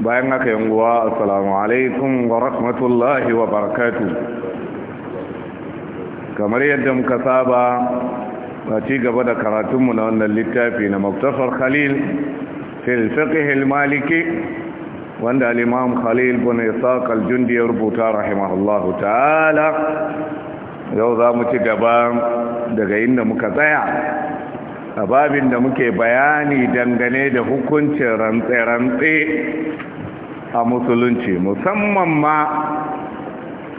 bayan haka yanguwa assalamu alaikum wa rahmatullahi wa barakatu kamar yadda muka saba a ci gaba da karatunmu na wannan littafi na maktafar khalil fil fiqh maliki wanda al-imam khalil bin isaq al-jundi ya rubuta rahimahullahu ta'ala yau za mu ci gaba daga inda muka tsaya a babin da muke bayani dangane da hukuncin rantse-rantse a musulunci musamman ma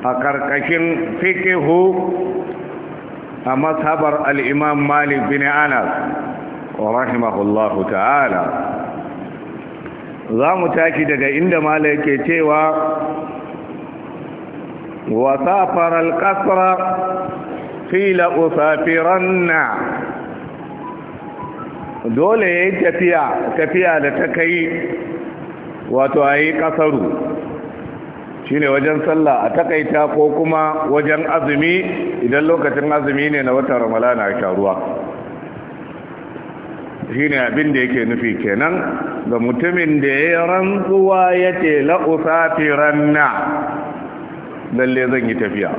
a ƙarƙashin fikihu a mashabar al'imam malik bin anas rahimahullahu ta'ala za mu tashi daga inda mala yake cewa wasafar alƙasra fila usafiran na dole ya yi tafiya tafiya da ta kai wato a yi ƙasaru shi ne wajen sallah a takaita ko kuma wajen azumi idan lokacin azumi ne na watan ramalana a ruwa, shi ne abin da yake nufi kenan ga mutumin da ya yi rantsuwa ya ce la'usa firanna lalle zan yi tafiya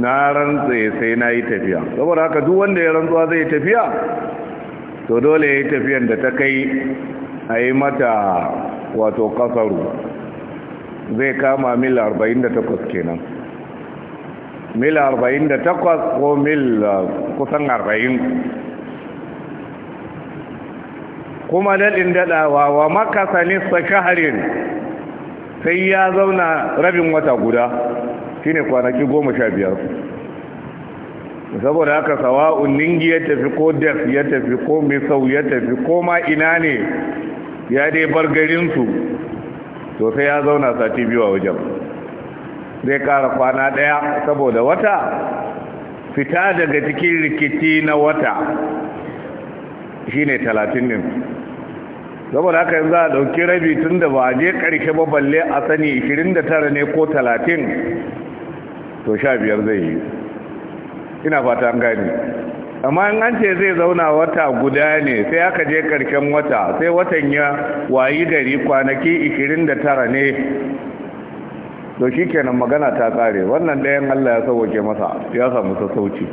na rantse sai na yi tafiya saboda haka duk wanda ya rantsuwa zai tafiya to dole ya yi tafiyan da ta kai a yi mata wato kasaru zai kama mil 48 kenan mil 48 ko mil kusan 40 kuma daɗin daɗawa wa makasa sa shaharin sai ya zauna rabin wata guda shine kwanaki goma sha biyar saboda haka sawa'un ningi ya tafi ko def ya tafi ko misau ya tafi ko ma ina ne ya dai bar garinsu to sai ya zauna sati biyu a wajen zai kara kwana ɗaya saboda wata fita daga cikin rikici na wata shine talatin ne saboda haka yanzu a ɗauki rabi tun da ba je ƙarshe ba balle a sani 29 ne ko 30 to 15 zai yi ina fata an gani amma in an ce zai zauna wata guda ne sai aka je karken wata sai watan ya wayi gari kwanaki 29 ne to shi kenan magana ta kare wannan ɗayan Allah ya sauke masa ya samu sassauci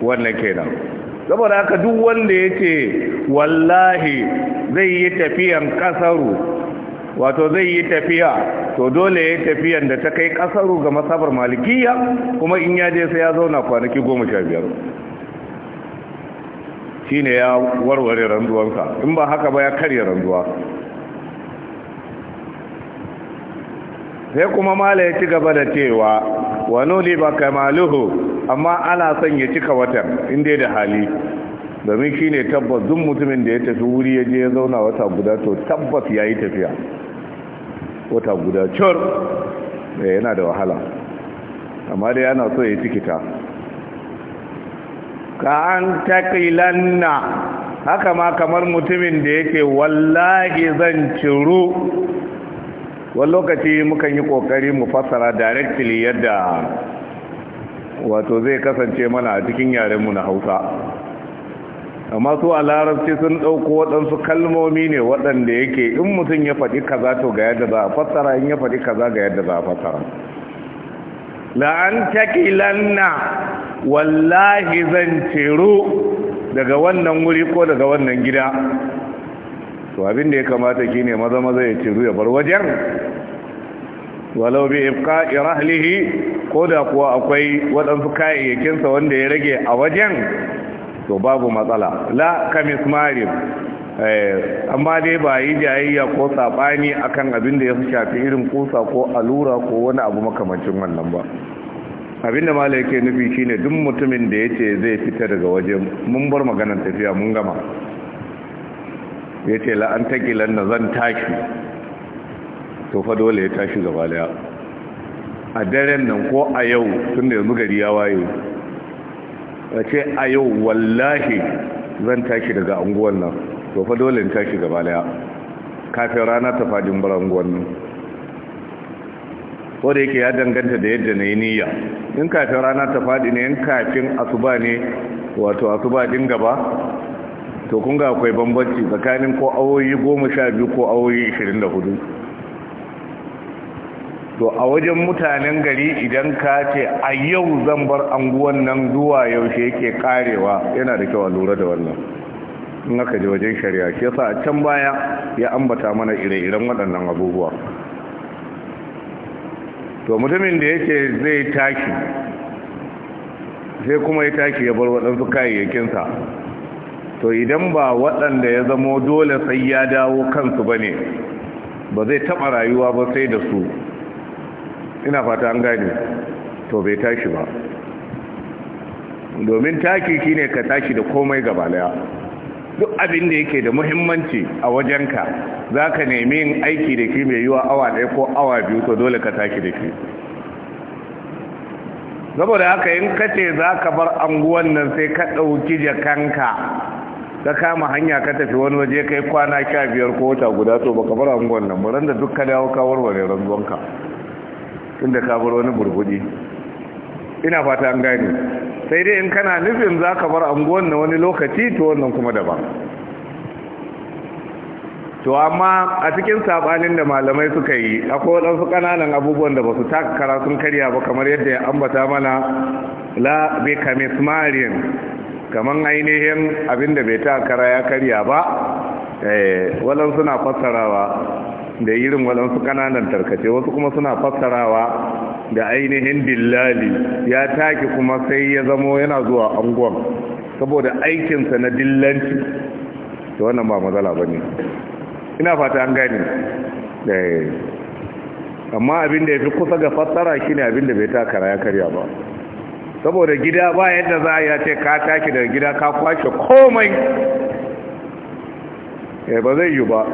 wannan kenan saboda haka duk wanda ya ce wallahi zai yi tafiyan kasaru wato zai yi tafiya to dole ya tafiyan da ta kai kasaru ga masabar malikiya kuma in ya je sai ya zauna kwanaki goma sha biyar shi ne ya warware randuwansa in ba haka ba ya karya randuwa sai kuma mala ya ci gaba da cewa wano ne ba kamaluhu amma ana son ya cika watan inda da hali domin shi ne tabbas duk mutumin da ya tafi wuri ya je ya zauna wata guda to tabbas ya yi tafiya wata guda cur eh, yana da wahala amma dai yana so ya tikita ka an takilanna haka ma kamar mutumin da yake wallahi zan ciru wani lokaci mukan yi ƙoƙari mu fassara directly yadda wato zai kasance mana a cikin yarenmu na hausa amma su a larabci sun ɗauko waɗansu kalmomi ne waɗanda yake in mutum ya faɗi kaza to ga yadda za a fassara in ya faɗi kaza ga yadda za a fassara la'an takilanna wallahi zan ceru daga wannan wuri ko daga wannan gida to abin da ya kamata ne maza maza ya ceru ya bar wajen walau bi ifka irahlihi ko da kuwa akwai waɗansu kayayyakinsa wanda ya rage a wajen to babu matsala la kamis marim eh, amma dai ba yi jayayya ko saɓani akan abin da ya shafi irin kusa ko alura ko wani abu makamancin wannan ba abin da yake nufi shine duk mutumin da ya ce zai fita daga waje mun bar maganar tafiya mun gama ya ce la'an takilan na zan tashi to fa dole ya tashi gaba daya a daren nan ko a yau tunda da yanzu gari ya waye a ce a yau wallahi zan tashi daga anguwan nan to fa dole in tashi gaba daya kafin rana ta fadin bar anguwan nan ko da yake ya danganta da yadda na yi niyya in kafin rana ta fadi ne in kafin asuba ne wato asuba din gaba to kun ga akwai bambanci tsakanin ko awoyi goma sha biyu ko awoyi ishirin da hudu to a wajen mutanen gari idan ka ce a yau zan bar anguwan nan zuwa yaushe yake karewa yana da kyau a lura da wannan in aka je wajen shari'a shi yasa a can baya ya ambata mana ire-iren waɗannan abubuwa to mutumin da yake zai tashi sai kuma ya tashi ya bar waɗansu kayayyakinsa to idan ba waɗanda ya zamo dole sai ya dawo kansu ba ne ba zai taɓa rayuwa ba sai da su ina fata an gane to bai tashi ba domin taki shine ka tashi da komai gaba daya duk abin da yake da muhimmanci a wajenka za ka nemi yin aiki da shi mai yiwa awa ɗaya ko awa biyu to dole ka tashi da shi saboda haka in kace za ka bar anguwan nan sai ka ɗauki jakanka ka kama hanya ka tafi wani waje kai kwana sha biyar ko wata guda to baka bar anguwan nan ba da duk ka dawo ka warware ranzuwanka tunda ka bar wani burbudi ina fata an gane sai dai in kana nufin za ka bar anguwan na wani lokaci to wannan kuma daban to amma a cikin sabanin da malamai suka yi akwai waɗansu ƙananan abubuwan da ba su taka kara sun karya ba kamar yadda ya ambata mana la bi kamismarin kamar ainihin abinda bai taka ya karya ba eh walan fassarawa da irin waɗansu ƙananan tarkace wasu kuma suna fassarawa da ainihin dillali ya take kuma sai ya zamo yana zuwa anguwan saboda aikinsa na dillanci da wannan ba matsala ba ne ina fata an gani eh. amma abin da ya fi kusa ga fassara shi ne abin da bai takara ya karya ba saboda gida ba yadda za a ya ce ka take daga gida ka kwashe komai eh, ba zai yi ba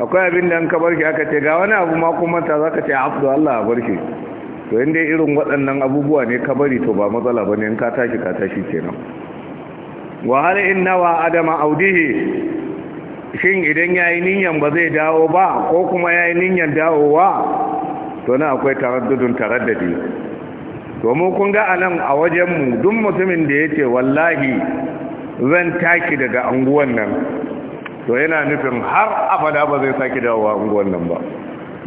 akwai abin da an ka barke aka ce ga wani abu ma kuma ta zaka ce abdu Allah a barke to inda irin waɗannan abubuwa ne ka bari to ba matsala ba in ka tashi ka tashi kenan wa hal inna wa adama audihi shin idan yayi niyan ba zai dawo ba ko kuma yayi niyan dawowa to na akwai taraddudun taraddadi to mu kun ga anan a wajen mu duk mutumin da yace wallahi zan taki daga anguwan nan to yana nufin har abada ba zai sake dawowa unguwan nan ba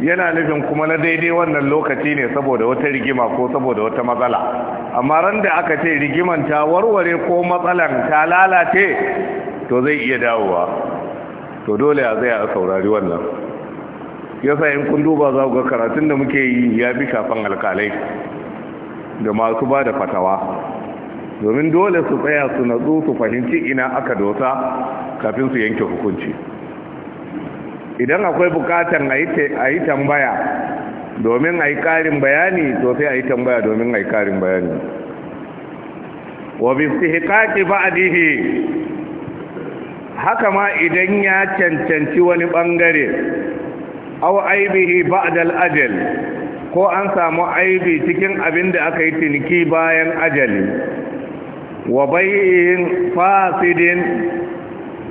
yana nufin kuma na daidai wannan lokaci ne saboda wata rigima ko saboda wata matsala amma ran da aka ce rigiman ta warware ko matsalan ta lalace to zai iya dawowa to dole a zai a saurari wannan yasa in kun duba za ga karatun da muke yi ya bi shafan alkalai da masu ba da fatawa domin dole su tsaya su natsu su fahimci ina aka dosa kafin su yanke hukunci idan akwai bukatar a yi tambaya domin a yi karin bayani to sai a yi tambaya domin a yi karin bayani wa bistihqaqi ba'dihi haka ma idan ya cancanci wani bangare au aibihi ba'da ajal ko an samu aibi cikin abin da aka yi tiniki bayan ajali wa bayin fasidin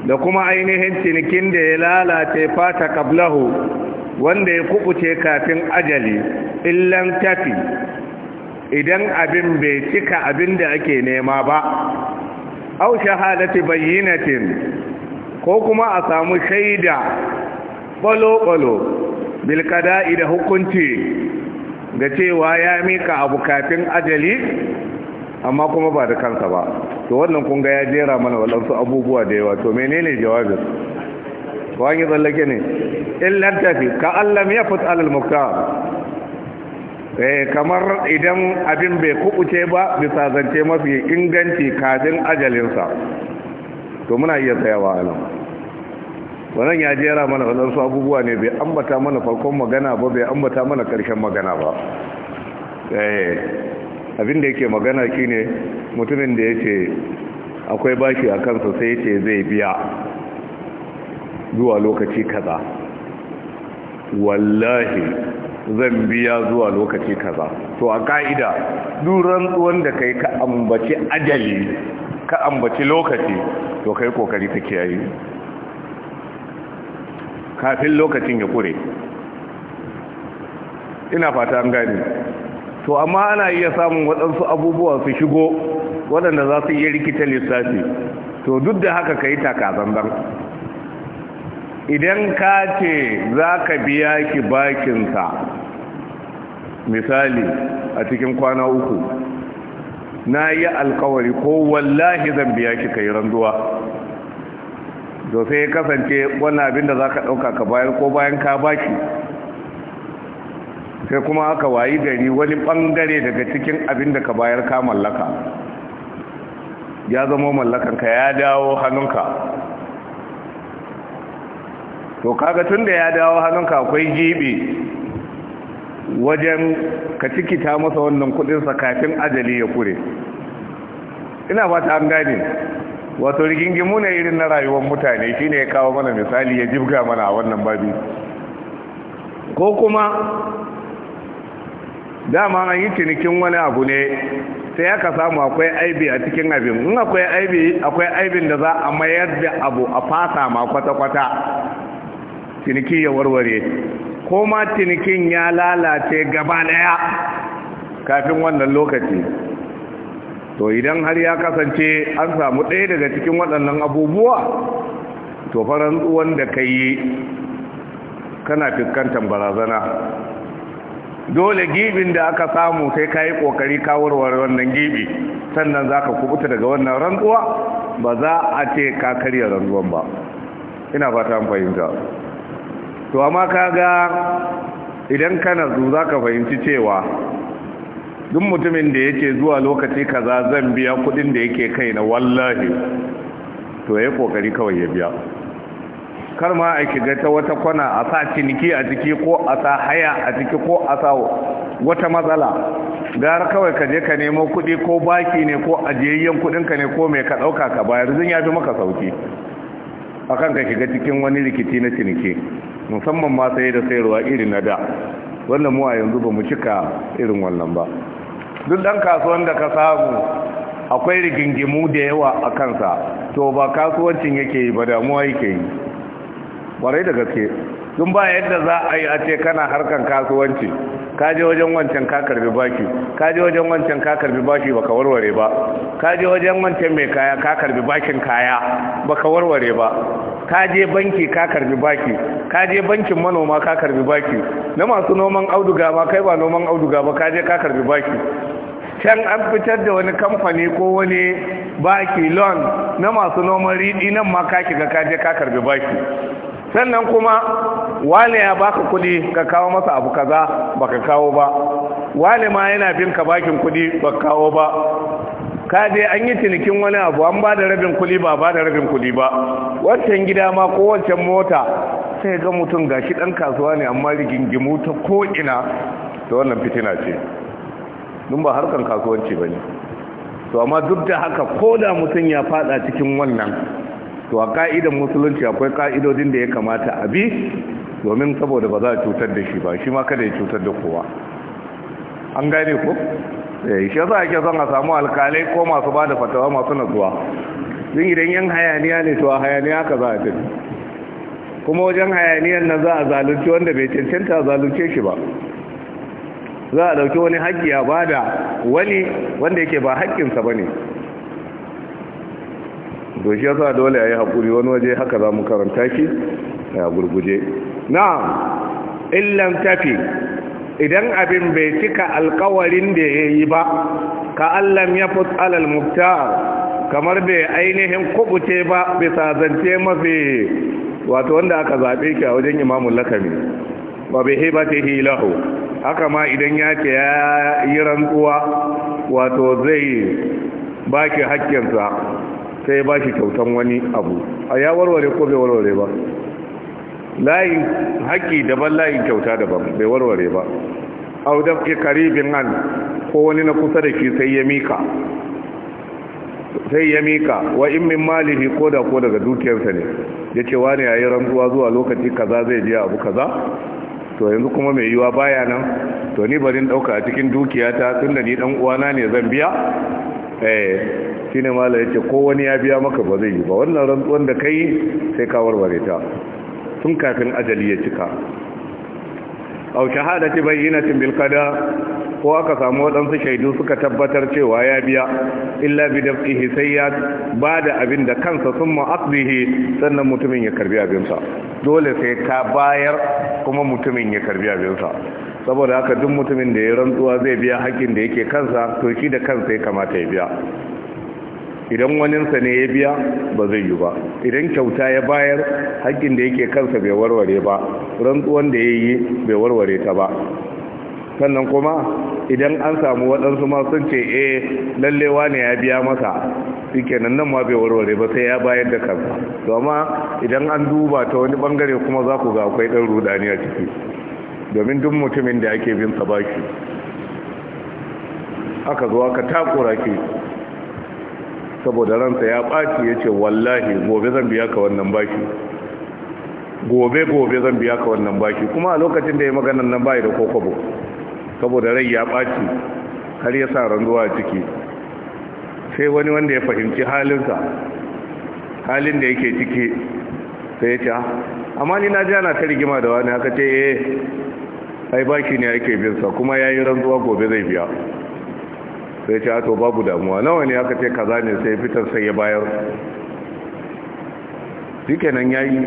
da kuma ainihin cinikin da ya lalace fata kablahu wanda ya kubuce kafin ajali illan tafi idan abin bai cika abin da ake nema ba au shahadati bayyinatin ko kuma a samu shaida balo-balo bilkada'i da hukunci ga cewa ya mika abu kafin ajali amma kuma ba da kansa ba to wannan kun ga ya jera mana wadansu abubuwa da yawa to menene jawabin wani tsallake ne in tafi ka allam ya fi alal eh kamar idan abin bai kubuce ba bisa zance mafi inganci kafin ajalinsa to muna iya tsayawa a nan wannan ya jera mana wadansu abubuwa ne bai ambata mana farkon magana ba bai ambata mana karshen magana ba eh. abin da yake magana shine mutumin da yace akwai bashi a kansa sai yace zai biya zuwa lokaci kaza wallahi zan biya zuwa lokaci kaza to a ka'ida duran tsuwan da kai ka ambaci ajali ka ambaci lokaci to kai kokari ka kiyaye kafin lokacin ya kure ina fata an gani to amma ana iya samun waɗansu abubuwa su shigo waɗanda za su iya rikita lissafi to duk da haka ka yi takazandan idan ka ce za ka biya ki bakinsa misali a cikin kwana uku na yi alkawari ko wallahi zan biya ki ka yi randuwa to sai ya kasance wani abin da za ka ɗauka ka bayar ko bayan ka baki sai kuma aka wayi gari wani bangare daga cikin abin da ka bayar ka mallaka ya zama mallakanka ya dawo hannunka to kaga tun da ya dawo hannunka akwai gibe wajen ka cikita masa wannan kudinsa kafin ajali ya kure ina fata an gane wato rigingimu ne irin na rayuwar mutane shine ya kawo mana misali ya jibga mana a wannan babi ko kuma dama an yi cinikin wani abu ne sai aka samu akwai aibi a cikin abin in akwai aibi akwai aibin da za a mayar da abu a fasa ma kwata-kwata ciniki ya warware ko ma cinikin ya lalace gaba daya kafin wannan lokaci to idan har ya kasance an samu ɗaya daga cikin waɗannan abubuwa to faran da ka yi kana fiskantar barazana dole gibin da aka samu sai ka yi ƙoƙari kawarwar wannan gibi sannan za ka kubuta daga wannan rantsuwa ba za a ce ka karya rantsuwan ba ina fata fahimta to amma kaga idan ka nazu za ka fahimci cewa duk mutumin da yake zuwa lokaci kaza zan biya kudin da yake kai na wallahi to ya yi ƙoƙari kawai ya biya kar ma a shiga ta wata kwana a sa ciniki a ciki ko a sa haya a ciki ko a sa wata matsala gara kawai ka je ka nemo kuɗi ko baki ne ko ajiyayyen kuɗinka ne ko mai ka ɗauka ka bayar zan ya fi maka sauki akan ka shiga cikin wani rikici na ciniki musamman ma sai da sayarwa irin na da wannan mu a yanzu ba mu cika irin wannan ba duk ɗan kasuwan da ka samu akwai rigingimu da yawa a kansa to ba kasuwancin yake yi ba damuwa yake yi ƙwarai da gaske tun ba yadda za a yi a ce kana harkan kasuwanci ka je wajen wancan ka karbi baki ka je wajen wancan ka karbi baki baka warware ba ka je wajen wancan mai kaya ka karbi bakin kaya baka warware ba ka je banki ka karbi baki ka je bankin manoma ka karbi baki na masu noman auduga ma kai ba noman auduga ba ka je ka karbi baki can an fitar da wani kamfani ko wani baki loan na masu noman riɗi nan ma ka shiga je ka karbi baki sannan kuma wale ya baka kudi ka kawo masa abu kaza baka kawo ba wale ma yana bin ka bakin kudi baka kawo ba ka je an yi cinikin wani abu an ba da rabin kudi ba ba da rabin kudi ba wancan gida ma ko wancan mota sai ga mutum gashi dan kasuwa ne amma rigingimu ta ko ina to wannan fitina ce dun ba harkan kasuwanci bane to amma duk da haka ko da mutum ya fada cikin wannan to a ka'idan musulunci akwai ka'idodin da ya kamata a bi domin saboda ba za a cutar da shi ba shi ma kada ya cutar da kowa an gane ku? Eh, shi yasa ake son a samu alkalai ko masu ba da fatawa masu natsuwa din idan yan hayaniya ne to a hayaniya ka za a tafi kuma wajen hayaniyan nan za a zalunci wanda bai cancanta zalunce shi ba za a dauki wani haƙƙi a bada wani wanda yake ba haƙƙinsa ba ne to shi yasa dole a yi haƙuri wani waje haka za mu karanta ki a gurguje na'am illan tafi idan abin bai cika alkawarin da ya yi ba ka allam ya alal muftar kamar bai ainihin kubuce ba bisa zance mafi wato wanda aka zaɓe ki a wajen imamun lakami ba bai heba ta haka ma idan ya ce ya yi rantsuwa wato zai baki hakkinsa sai ya ba shi kyautan wani abu a ya warware ko bai warware ba layin haƙƙi daban layin kyauta daban bai warware ba au da ke karibin an ko wani na kusa da shi sai ya mika sai ya mika wa in min malihi ko da ko daga dukiyarsa ne ya ce wani ya yi rantsuwa zuwa lokaci kaza zai je abu kaza to yanzu kuma mai yiwa baya nan to ni barin ɗauka a cikin dukiyata tun da ni ɗan uwana ne zan biya eh ne mala yace ko wani ya biya maka ba zai yi ba wannan rantsuwan da kai sai ka warware ta tun kafin ajali ya cika au shahadati bayyinatin bil qada ko aka samu waɗansu shaidu suka tabbatar cewa ya biya illa bi dafihi ba da abin da kansa sun mu'aqdihi sannan mutumin ya karbi abin sa dole sai ka bayar kuma mutumin ya karbi abin sa saboda haka duk mutumin da ya rantsuwa zai biya hakkin da yake kansa to shi da kansa ya kamata ya biya idan waninsa ne ya biya ba zai yi ba idan kyauta ya bayar haƙƙin da yake kansa bai warware ba rantsuwan da ya yi bai warware ta ba sannan kuma idan an samu waɗansu ma sun ce eh lallewa ne ya biya masa suke nan nan ma bai warware ba sai ya bayar da kansa domin idan an duba ta wani bangare kuma za ku ga akwai ɗan rudani a ciki domin duk mutumin da ake bin sa baki aka zo aka takura ke saboda ransa ya ɓaki, ya ce wallahi gobe zan biya ka wannan baki gobe gobe zan biya ka wannan baki kuma a lokacin da ya maganar nan bayi da kokobo saboda rai ya ɓaki, har ya sa ranzuwa a ciki sai wani wanda ya fahimci halinsa halin da yake ciki sai ya ce ah, amma ni na ji ana ta rigima da wani haka ce eh ai baki ne ake binsa kuma ya yi ranzuwa gobe zai biya sai ce ato babu damuwa nawa ne aka ce kaza ne sai fitar sai ya bayar ya yi.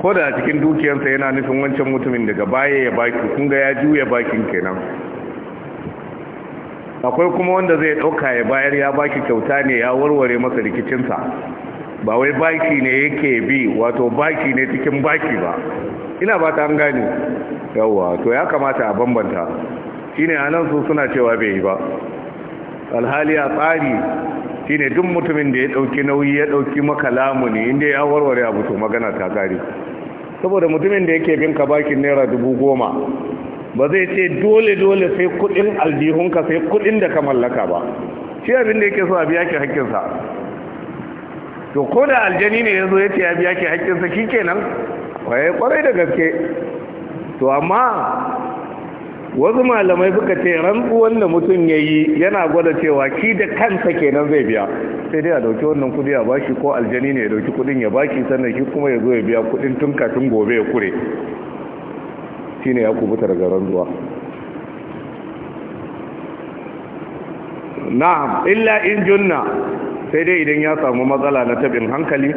ko da cikin dukiyarsa yana nufin wancan mutumin daga baya ya baki kun ga ya juya bakin kenan akwai kuma wanda zai dauka ya bayar ya baki kyauta ne ya warware masa rikicinsa ba wai baki ne yake bi wato baki ne cikin baki ba ina ba ta an gane yawwa to ya kamata a bambanta shine anan su suna cewa bai yi ba alhali a tsari ne duk mutumin da ya ɗauki nauyi ya ɗauki maka lamuni inda ya warware abu to magana ta kare saboda mutumin da yake bin ka bakin naira dubu goma ba zai ce dole dole sai kudin aljihunka sai kudin da ka mallaka ba shi abin da yake so a biya ki hakkinsa to ko da aljani ne ya yazo ya ce ya biya ki hakkinsa shikenan kwaye kwarai da gaske to amma wasu malamai suka ce rantsuwan da mutum ya yi yana gwada cewa ki da kansa kenan zai biya sai dai a dauki wannan kudi a bashi ko aljani ne ya dauki kudin ya baki sannan shi kuma ya zo ya biya kudin tun kafin gobe ya kure ne ya kubuta daga rantsuwa na'am illa in junna sai dai idan ya samu matsala na tabin hankali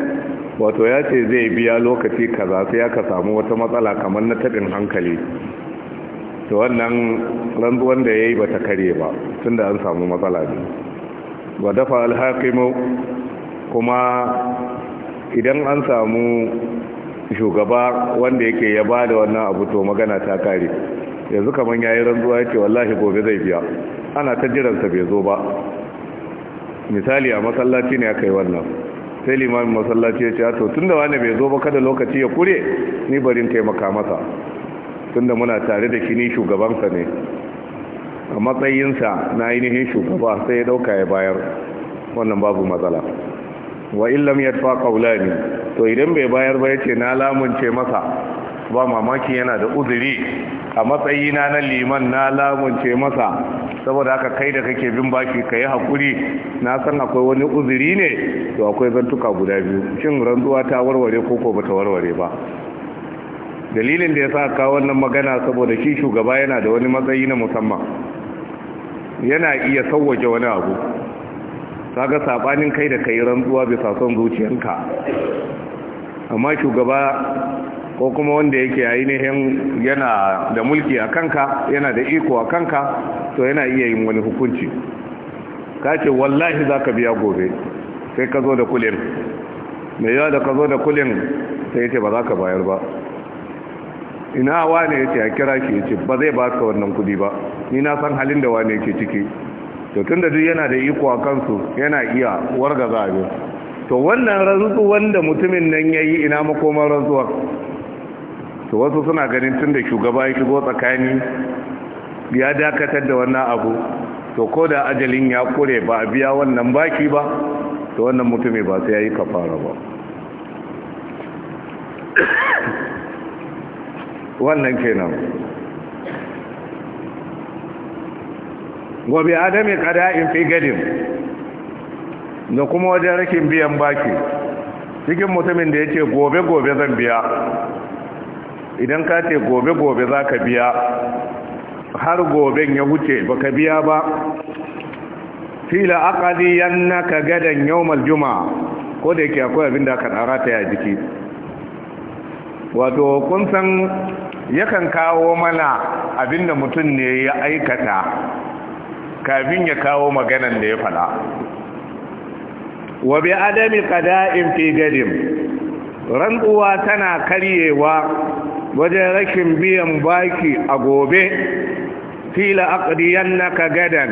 wato ya ce zai biya lokaci kaza sai ya ka samu wata matsala kamar na tabin hankali to wannan rantsuwan da ya yi ba ta kare ba tun da an samu matsala ne ba dafa alhakimu kuma idan an samu shugaba wanda yake ya ba da wannan abu to magana ta kare yanzu kamar ya yi rantsuwa ya ce wallahi gobe zai biya ana ta jiransa bai zo ba misali a masallaci ne aka yi wannan sai limamin masallaci ya ce to tun da wani bai zo ba kada lokaci ya kure ni barin taimaka masa tunda muna tare da shi ni shugabansa ne a matsayinsa na ainihin shugaba sai ya dauka ya bayar wannan babu matsala wa illam yadfa ne. to idan bai bayar ba yace na lamunce masa ba mamaki yana da uzuri a matsayina na liman na lamunce masa saboda haka kai da kake bin baki ka yi haƙuri na san akwai wani uzuri ne to akwai zantuka guda biyu shin rantsuwa ta warware ko ko bata warware ba dalilin da ya sa kawo wannan magana saboda shi shugaba yana da wani matsayi na musamman yana iya sauwaje wani abu kaga sabanin kai da kai rantsuwa bisa son zuciyanka amma shugaba ko kuma wanda yake ainihin yana da mulki a kanka yana da iko a kanka to yana iya yin wani hukunci ka ce wallahi za ka biya gobe sai ka zo da kulin mai yawa da ka zo da kulin sai ce ba za ka bayar ba ina wane yace a kira shi yace ba zai baka wannan kudi ba ni na san halin da wane yake ciki to tunda duk yana da iko a kansu yana iya warga abin to wannan rantsu wanda mutumin nan yayi ina makoman rantsuwar to wasu suna ganin tunda shugaba ya shigo tsakani ya dakatar da wannan abu to koda ajalin ya kure ba a biya wannan baki ba to wannan mutumin ba sai ya yi kafara ba wannan kenan wa bi adami qada'in fi gadin da kuma wajen rakin biyan baki cikin mutumin da yake gobe gobe zan biya idan ka ce gobe gobe za ka biya har goben ya wuce baka biya ba fila aqadi yannaka gadan yawmal juma'a ko da yake akwai abin da aka tsara ta ya jiki wato kun san yakan kawo mana abinda mutum ne ya aikata kafin ya kawo maganan da ya fada wa bi adami qada'in fi gadim rantsuwa tana karyewa wajen rashin biyan baki a gobe fila aqdiyannaka gadan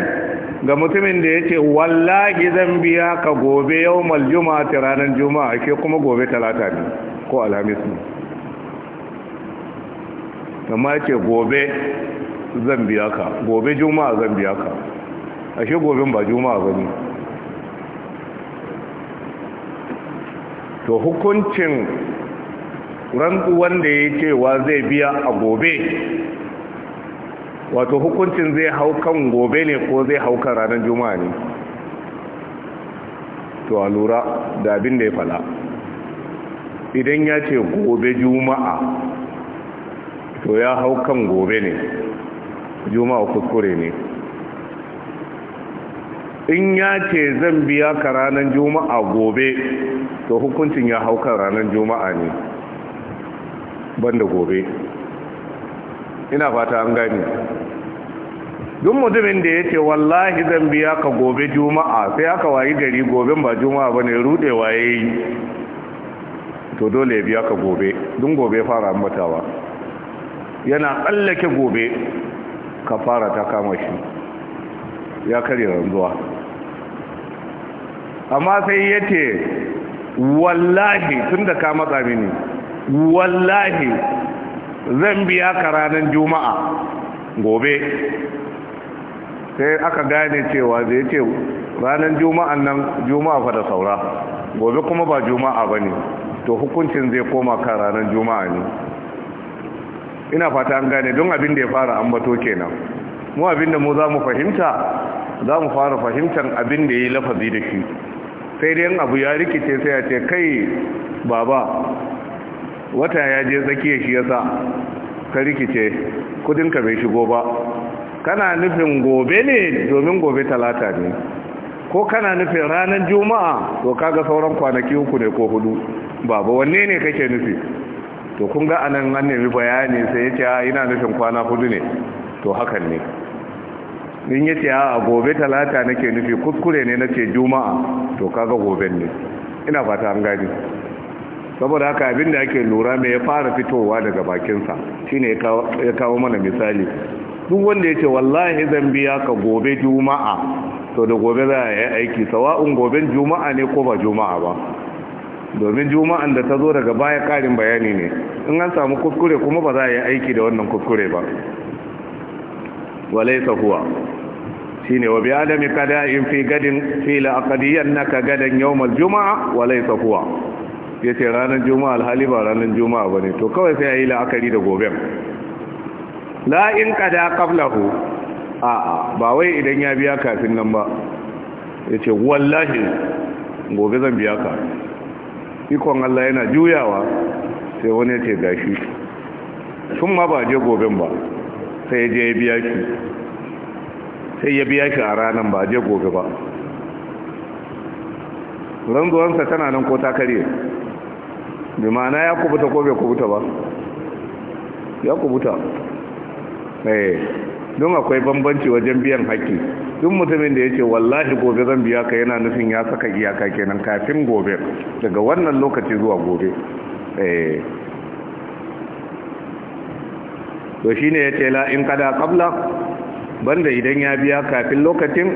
ga mutumin da yace wallahi zan biya ka gobe yawmal juma'a ranar juma'a ke kuma gobe talata ne ko alhamis ne kama ce gobe zan biya ka gobe juma'a zan biya ka ashe gobe ba juma'a ba ne to hukuncin rantsu wanda ya cewa zai biya a gobe wato hukuncin zai hau kan gobe ne ko zai hau kan ranar juma'a ne to a lura da abin da ya fala idan ya ce gobe juma'a to ya hau kan gobe ne juma'a kuskure ne in ya ce zan biya ka ranar juma'a gobe to hukuncin ya hau kan ranar juma'a ne banda gobe ina fata an gani duk mutumin da ya ce wallahi zan biya ka gobe juma'a sai aka wayi gari goben ba juma'a ba ne rudewa ya yi to dole ya biya ka gobe don gobe fara ambatawa yana tsallake gobe ka fara ta kama shi ya karya ranzuwa amma sai ya ce wallahi tun da ka matsa mini wallahi zan biya ka ranar juma'a gobe sai aka gane cewa zai ce ranar juma'an nan juma'a fa da saura gobe kuma ba juma'a ba ne to hukuncin zai koma ka ranar juma'a ne ina fata an gane don abin da ya fara ambato kenan mu abin da mu za mu fahimta za fara fahimtar abin da ya yi lafazi da shi sai dai abu ya rikice sai ya ce kai baba wata ya je Zakiya shi yasa ka rikice ka bai shigo ba kana nufin gobe ne domin gobe talata ne ko kana nufin ranar juma'a to kaga sauran kwanaki uku ne ko hudu baba wanne ne kake nufi to kun ga anan an nemi bayani sai ya ce ina nufin kwana hudu ne to hakan ne in ya ce a gobe talata nake nufi kuskure ne na ce juma'a to kaga goben ne ina fata an gani saboda haka abin da ake lura mai ya fara fitowa daga bakinsa shine ya kawo mana misali duk wanda ya ce wallahi zan biya ka gobe juma'a to da gobe za a yi aiki sawa'un goben juma'a ne ko ba juma'a ba domin juma'an da ta zo daga baya karin bayani ne in an samu kuskure kuma ba za a yi aiki da wannan kuskure ba walai huwa shi ne wa bi da kada'in fi gadin fi ka naka yau mal juma'a walai huwa ya ce ranar juma'a alhali ba ranar juma'a ba ne to kawai sai a yi la'akari da goben la'in da kablahu a'a ba wai idan ya biya kafin nan ba ya ce wallahi gobe zan biya ka ikon Allah yana juyawa sai wani ya ce gashi sun ma ba je goben ba sai ya je ya biya shi sai ya biya shi a ranar ba je gobe ba ranzuwansa tana nan ko ta karye bi ma'ana ya kubuta ko bai kubuta ba ya kubuta eh, don akwai bambanci wajen biyan haƙƙi duk mutumin da ya ce wallahi gobe zan biya ka yana nufin ya saka iyaka kenan kafin gobe daga wannan lokaci zuwa gobe eh. to shine ne ya ce kada qabla banda idan ya biya kafin lokacin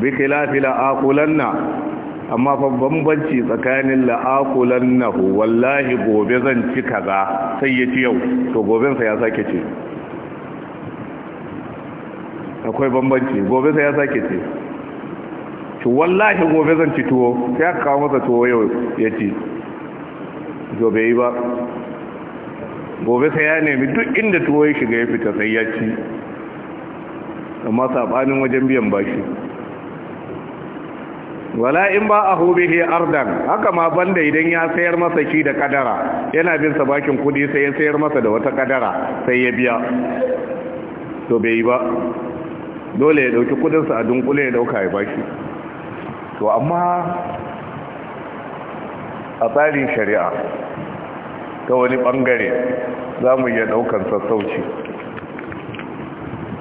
biki lafi la'akulanna amma fa bambanci tsakanin la'akulannahu wallahi gobe zan ci kaza sai ya yau to gobensa ya sake ci akwai bambanci gobe sai ya sake ce to wallahi gobe zan ci tuwo sai aka kawo masa tuwo yau ya ci gobe yi ba gobe sai ya nemi duk inda tuwo ya shiga ya fita sai ya ci amma sabanin wajen biyan bashi wala in ba a hubihi ardan haka ma banda idan ya sayar masa shi da kadara yana bin sa bakin kudi sai ya sayar masa da wata kadara sai ya biya to bai yi ba dole ya dauki kudinsa a dunkule ya dauka ya bashi to amma a tsarin shari'a ta wani bangare za mu iya daukan sassauci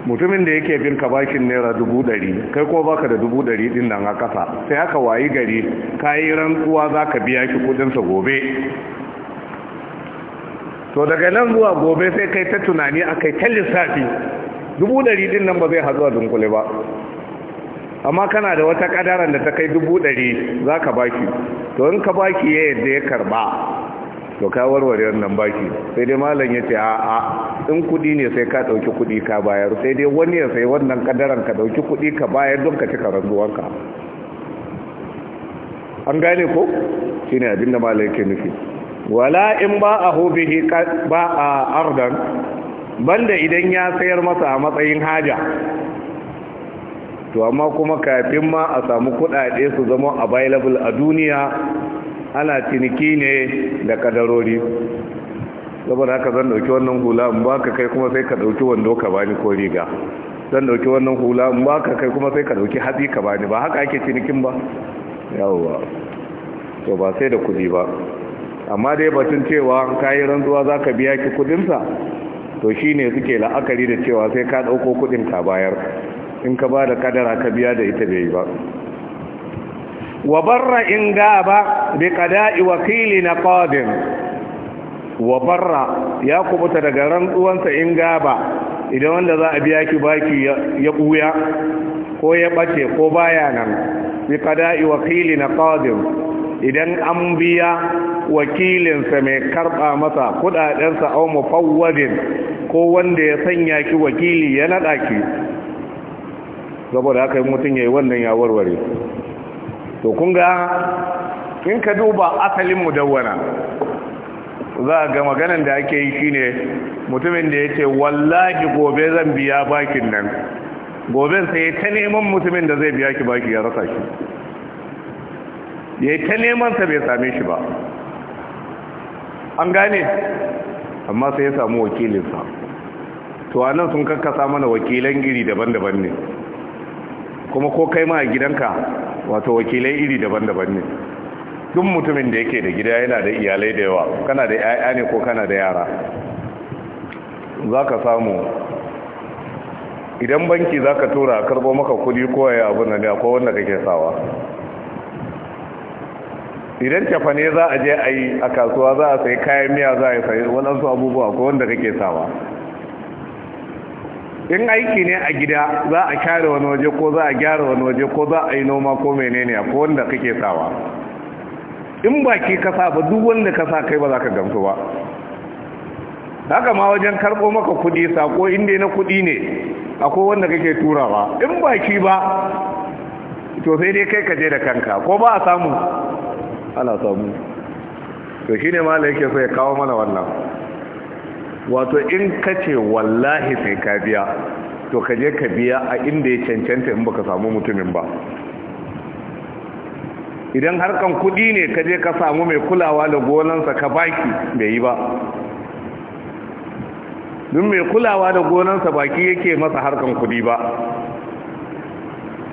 mutumin da yake bin ka naira dubu dari, kai ko baka da dubu dari din nan a ƙasa sai aka wayi gari ka rantsuwa za ka biya shi kudinsa gobe to daga nan zuwa gobe sai kai ta tunani a kai ta lissafi dubu ɗari din nan ba zai hazo a dunkule ba amma kana da wata kadaran da ta kai dubu ɗari za ka baki to in ka baki ya yadda ya karba to ka warware wannan baki sai dai malam ya ce a a in kudi ne sai ka ɗauki kuɗi ka bayar sai dai wani ya sai wannan kadaran ka ɗauki kuɗi ka bayar don ka cika ranzuwanka an gane ko Shi abin da malam yake nufi wala in ba a hobi ba a ardan banda idan ya sayar masa a matsayin haja to amma kuma kafin ma a samu kudade su zama available a duniya ana ciniki ne da kadarori saboda haka zan dauki wannan hula in baka kai kuma sai ka dauki wando ka bani ko riga zan dauki wannan hula in baka kai kuma sai ka dauki hatsi ka bani ba haka ake cinikin ba yawwa to ba sai da kudi ba amma dai batun cewa kayi rantsuwa zaka biya ki kudin sa to shi ne suke la'akari da cewa sai ka ɗauko kudin ka bayar in ka ba da kadara ka biya da ita bai ba wa barra in ba bi qada'i wakili na qadin wa barra ya kubuta daga rantsuwansa in gaba idan wanda za a biya ki baki ya buya ko ya bace ko baya nan bi qada'i wakili na qadin idan an biya wakilinsa mai karba masa kuɗaɗensa au mufawwadin ko wanda ya sanya ki wakili ya naɗa ki saboda haka mutum ya yi wannan ya warware to kun ga in ka duba asalin mudawwana za a ga maganan da ake yi shine mutumin da ya ce wallahi gobe zan biya bakin nan goben sai ta neman mutumin da zai biya ki baki ya rasa shi ya yi ta nemansa bai same shi ba an gane amma sai ya samu wakilinsa to anan sun kakkasa mana wakilan iri daban-daban ne kuma ko kai ma a gidanka wato wakilai iri daban-daban ne duk mutumin da yake da gida yana da iyalai da yawa kana da 'ya'ya ne ko kana da yara za ka samu idan banki za ka tura a karbo maka kudi ko ya abu na ne akwai wanda kake sawa idan cafa ne za a je a yi a kasuwa za a sai kayan miya za a sai waɗansu abubuwa ko wanda kake sawa in aiki ne a gida za a share wani waje ko za a gyara wani waje ko za a yi noma ko menene ko wanda kake sawa in baki ka sa ba duk wanda ka sa kai ba za ka gamsu ba haka ma wajen karɓo maka kuɗi sako inda na kuɗi ne akwai wanda kake turawa in baki ba to sai dai kai ka je da kanka ko ba a samu ana samu to shi ne mala yake so ya kawo mana wannan wato in ka ce wallahi sai ka biya to ka je ka biya a inda ya cancanta in baka samu mutumin ba idan harkan kudi ne ka je ka samu mai kulawa da gonansa ka baki bai yi ba don mai kulawa da gonansa baki yake masa harkan kudi ba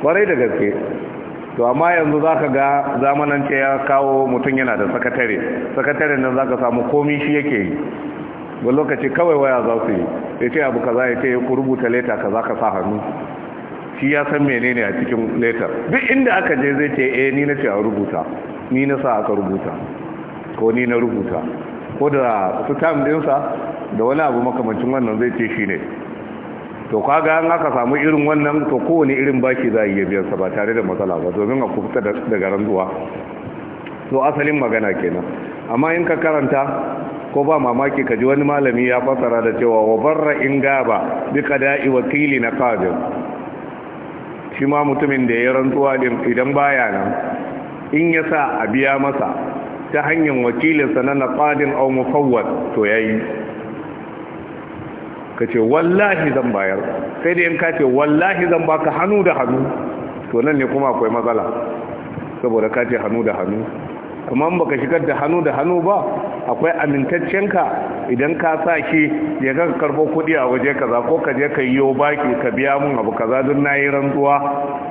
kwarai da gaske to amma yanzu za ka ga zamanance ya kawo mutum yana da sakatare sakatare nan za ka samu komi shi yake yi ba lokaci kawai waya za su yi ya ce abu kaza ya ce ku rubuta leta ka za ka sa hannu shi ya san menene a cikin letar duk inda aka je zai ce eh ni na ce a rubuta ni na sa aka rubuta ko ni na rubuta ko da su tam dinsa da wani abu makamancin wannan zai ce shi ne to kaga an aka samu irin wannan to kowane irin baki za a iya biyan ba tare da matsala ba domin a kubuta daga rantsuwa to asalin magana kenan amma in ka karanta ko ba mamaki ka ji wani malami ya fassara da cewa wa barra in gaba bi qada'i wakili na qadir shi ma mutumin da ya rantsuwa din idan baya nan in ya sa a biya masa ta hanyar wakilinsa na naqadin au mufawwad to yayi ka ce wallahi zan bayar sai da yin ka ce wallahi zan baka hannu da hannu to nan ne kuma akwai matsala saboda ka ce hannu da hannu kuma ka shigar da hannu da hannu ba akwai amintaccenka idan ka sa shi ya ga karbo kudi a waje kaza ko ka je ka yi yo baki ka biya mun abu kaza don yi rantsuwa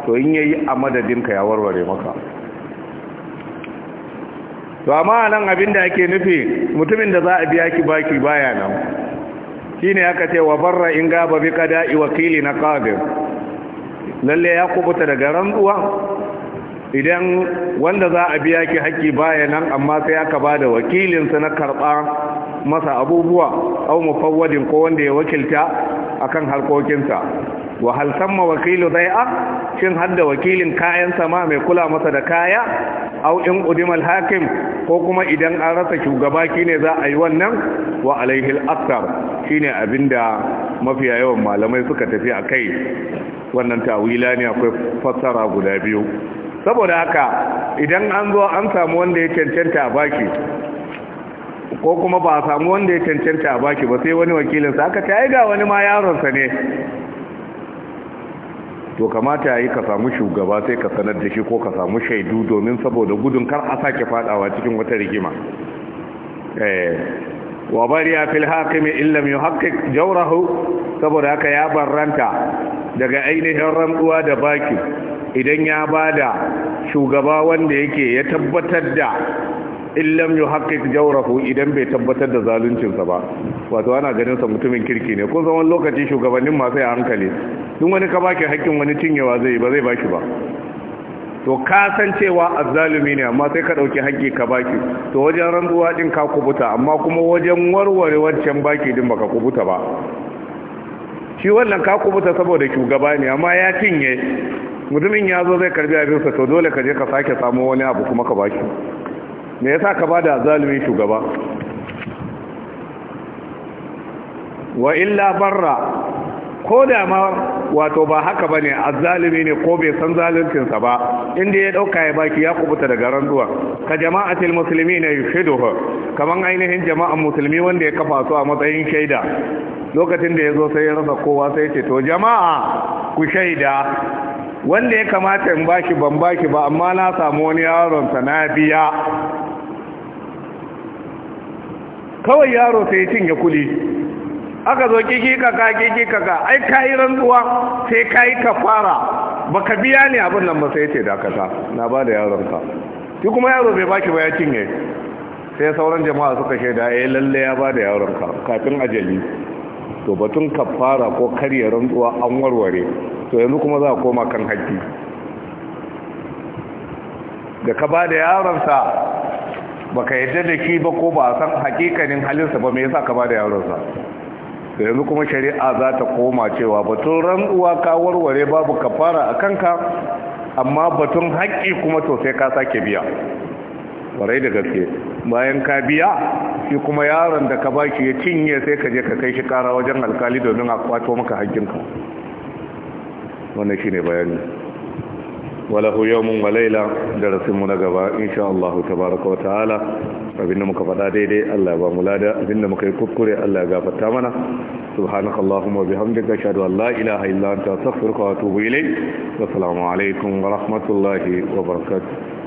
to in yayi a madadin ka ya warware maka to amma nan abin da ake nufi mutumin da za a biya ki baki baya nan shine aka ce wa barra in gaba bi qada'i wakili na qadir lalle ya kubuta daga rantsuwa idan wanda za a biya ki haƙƙi baya nan amma sai aka ba da wakilinsa na karɓa masa abubuwa au mufawwadin ko wanda ya wakilta akan harkokinsa wa hal samma wakilu dai'a shin hadda wakilin kayan sama mai kula masa da kaya aw in udimal hakim ko kuma idan an rasa shugaba kine za a yi wannan wa alaihi al-akthar shine abinda mafiya yawan malamai suka tafi akai wannan tawila ne akwai fassara guda biyu saboda haka idan an zo an samu wanda ya cancanta a baki ko kuma ba a samu wanda ya cancanta a baki ba sai wani wakilinsa aka ta ga wani ma yaron sa ne to kamata yi ka samu shugaba sai ka sanar da shi ko ka samu shaidu domin saboda gudun kar a sake fadawa cikin wata rigima eh wa bariya fil haqimi illam yuhaqqiq jawrahu saboda haka ya barranta daga ainihin rantsuwa da baki idan ya bada shugaba wanda yake ya tabbatar da illam yuhaqqiq jawrahu idan bai tabbatar da zaluncinsa ba wato ana ganin sa mutumin kirki ne ko zaman lokaci shugabannin masu hankali duk wani ka baki hakkin wani cinyewa zai yi ba zai baki ba to ka san cewa azzalumi ne amma sai ka ɗauki hakki ka baki to wajen rantsuwa din ka kubuta amma kuma wajen warware wancan baki din baka kubuta ba shi wannan ka kubuta saboda shugaba ne amma ya cinye mutumin ya zo zai karbi abinsa to dole ka je ka sake samu wani abu kuma ka baki me yasa ka bada azzalumi shugaba wa illa barra ko da ma wato ba haka bane azzalimi ne ko bai san zaluncinsa ba inda ya dauka ya baki ya kubuta daga randuwa. ka jama'atul muslimina yushiduhu kaman ainihin jama'an musulmi wanda ya kafa su a matsayin shaida lokacin da ya zo sai ya rasa kowa sai ce to jama'a ku shaida wanda ya kamata in bashi ban bashi ba amma na samu wani yaron sa na biya kawai yaro sai ya cinye kuli aka zo kiki kaka kiki kaka ai kayi rantsuwa sai ka fara baka biya ne abin nan ba sai ce dakata na ba da yaron ka ki kuma yaro bai baki ba ya cinye sai sauran jama'a suka shaida eh lalle ya ba da yaron ka kafin ajali to batun kafara ko karya rantsuwa an warware to yanzu kuma za a koma kan haƙƙi da ka ba da sa baka yadda da shi ba ko ba san hakikanin halinsa ba me yasa ka ba da yaronsa da yanzu kuma shari'a za ta koma cewa batun rantsuwa ka warware babu fara a kanka amma batun haƙƙi kuma to sai ka sake biya warai da gaske bayan ka biya shi kuma yaron da ka baki ya cinye sai ka je ka kai shi kara wajen alkali domin a kwato maka haƙƙinka wannan shine bayani wala yawmun walaila layla darasin na gaba insha Allah tabaaraka wa ta'ala abinda muka faɗa daidai Allah ya ba mu lada abinda muka yi kuskure Allah ya gafarta mana subhanaka allahumma wa bihamdika ashhadu an la ilaha illa anta astaghfiruka wa atubu ilayk assalamu alaikum wa rahmatullahi wa barakatuh